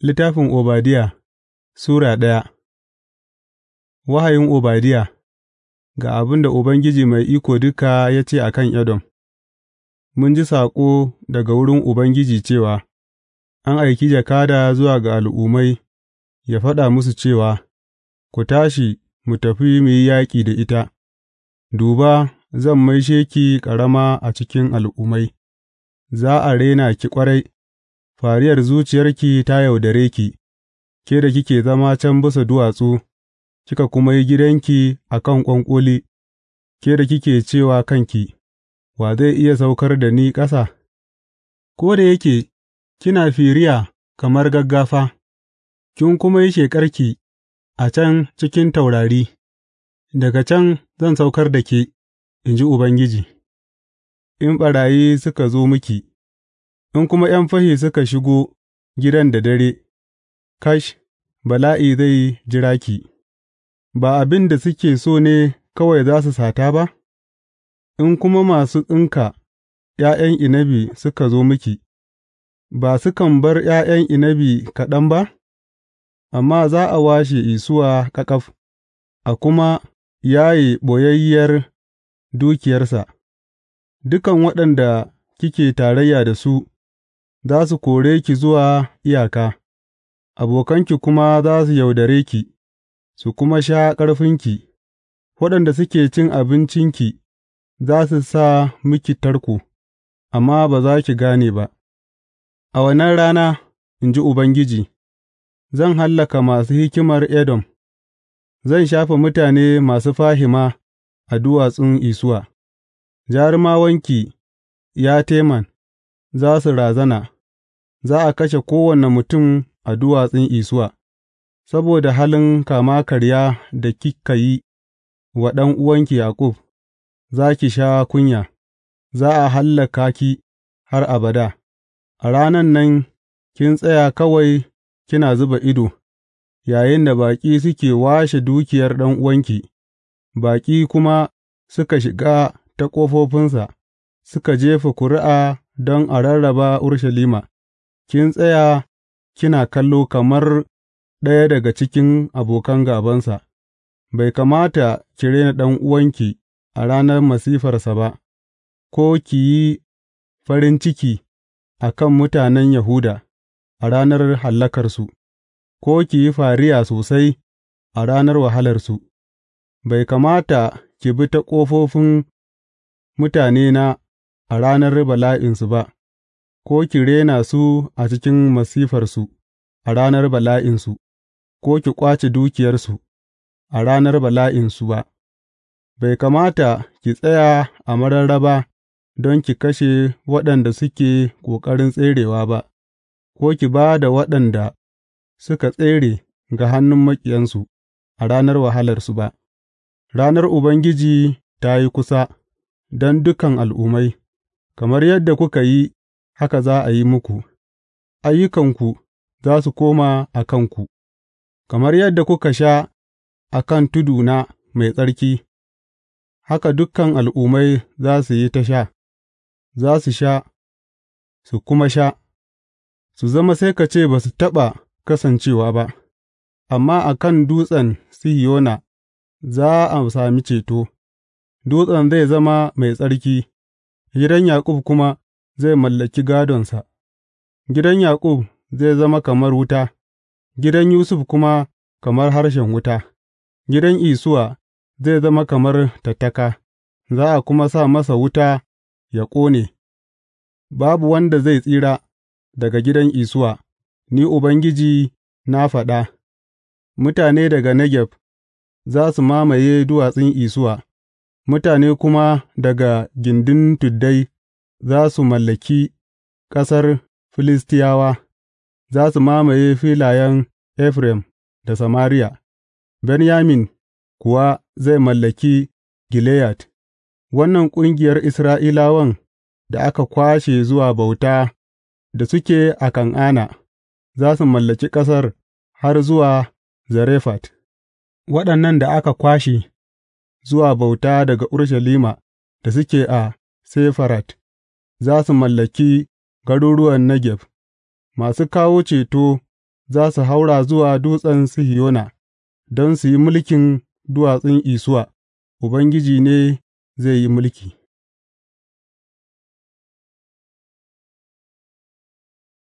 Littafin Obadiya Sura ɗaya. Wahayin Obadiya ga abin da Ubangiji Mai Iko Duka ya ce a kan Edom Mun ji saƙo daga wurin Ubangiji cewa, An aiki jakada zuwa ga al'ummai, ya faɗa musu cewa, Ku tashi, mu tafi mu yi yaƙi da ita, duba, zan mai sheki ƙarama a cikin al'ummai, za a rena ki ƙwarai. fariyar zuciyarki ta yaudare ki, ke da kike zama can bisa duwatsu, kika kuma yi gidanki a kan ƙwanƙoli, ke da kike cewa kanki, Wa zai iya saukar da ni ƙasa? Ko da yake kina firiya kamar gaggafa, kin kuma yi shekarki a can cikin taurari, daga can zan saukar da ke, in ji Ubangiji, in ɓarayi suka zo miki. In kuma ’yan fahi suka shigo gidan da dare, kash, bala'i zai jira ki, ba abin da suke so ne kawai za su sata ba, in kuma masu tsinka ’ya'yan inabi suka zo miki, ba sukan bar ’ya'yan inabi kaɗan ba, amma za a washe isuwa ƙaƙaf, a kuma yaye ɓoyayyiyar dukiyarsa, dukan waɗanda kike tarayya da su. za su kore ki zuwa iyaka, abokanki kuma za su yaudare ki, su kuma sha ƙarfinki, waɗanda suke cin abincinki za su sa miki tarko, amma ba za ki gane ba. A wannan rana, in ji Ubangiji, zan hallaka masu hikimar Edom, zan shafe mutane masu fahima a duwatsun Isuwa, jarumawanki, ya Teman, za su razana. za a kashe kowane mutum a duwatsun Isuwa, saboda halin kama karya da kika yi wa ɗan'uwanki Yaƙub, za ki sha kunya, za a hallaka ki har abada, a ranan nan kin tsaya kawai kina zuba ido, yayinda baƙi suke washe dukiyar ɗan'uwanki, baƙi kuma suka shiga ta ƙofofinsa, suka jefa ƙuri'a don a rarraba Urushalima. kin tsaya kina kallo kamar ɗaya daga cikin abokan gābansa, bai kamata ki rena ɗan'uwanki a ranar masifarsa ba, ko ki yi farin ciki a kan mutanen Yahuda a ranar hallakarsu, ko ki yi fariya sosai a ranar wahalarsu, bai kamata ki bi ta ƙofofin mutanena a ranar bala'insu ba. ko ki rena su a cikin masifarsu a ranar bala'insu, ko ki ƙwace dukiyarsu a ranar bala'insu ba, bai kamata ki tsaya a mararraba don ki kashe waɗanda suke ƙoƙarin tserewa ba, ko ki ba da waɗanda suka tsere ga hannun maƙiyansu a ranar wahalarsu ba. Ranar Ubangiji ta yi kusa don dukan al'ummai, kamar yadda kuka yi haka za a yi muku, ayyukanku za su koma a kanku, kamar yadda kuka sha a kan tuduna mai tsarki, haka dukan al'ummai za su yi ta sha, za su sha, su kuma sha, su zama sai ka ce ba su taɓa kasancewa ba, amma a kan dutsen Sihiyona za a sami ceto, dutsen zai zama mai tsarki, gidan Yaƙub kuma. zai mallaki gadonsa. gidan Yaƙub zai zama kamar wuta, gidan Yusuf kuma kamar harshen wuta, gidan Isuwa zai zama kamar tattaka, za a kuma sa masa wuta ya ƙone, babu wanda zai tsira daga gidan Isuwa, ni Ubangiji na faɗa, mutane daga Negev za su mamaye duwatsun Isuwa, mutane kuma daga gindin tuddai. za su mallaki ƙasar Filistiyawa, za su mamaye filayen Efraim da Samariya, Benyamin kuwa zai mallaki Gileyad, wannan ƙungiyar Isra'ilawan da aka kwashe zuwa bauta da suke a Kan'ana, za su mallaki ƙasar har zuwa Zarefat, waɗannan da aka kwashe zuwa bauta daga Urushalima da suke a Sefarad. za su mallaki garuruwan Negeb, masu kawo ceto za su haura zuwa Dutsen Sihiyona don su yi mulkin duwatsun Isuwa; Ubangiji ne zai yi mulki.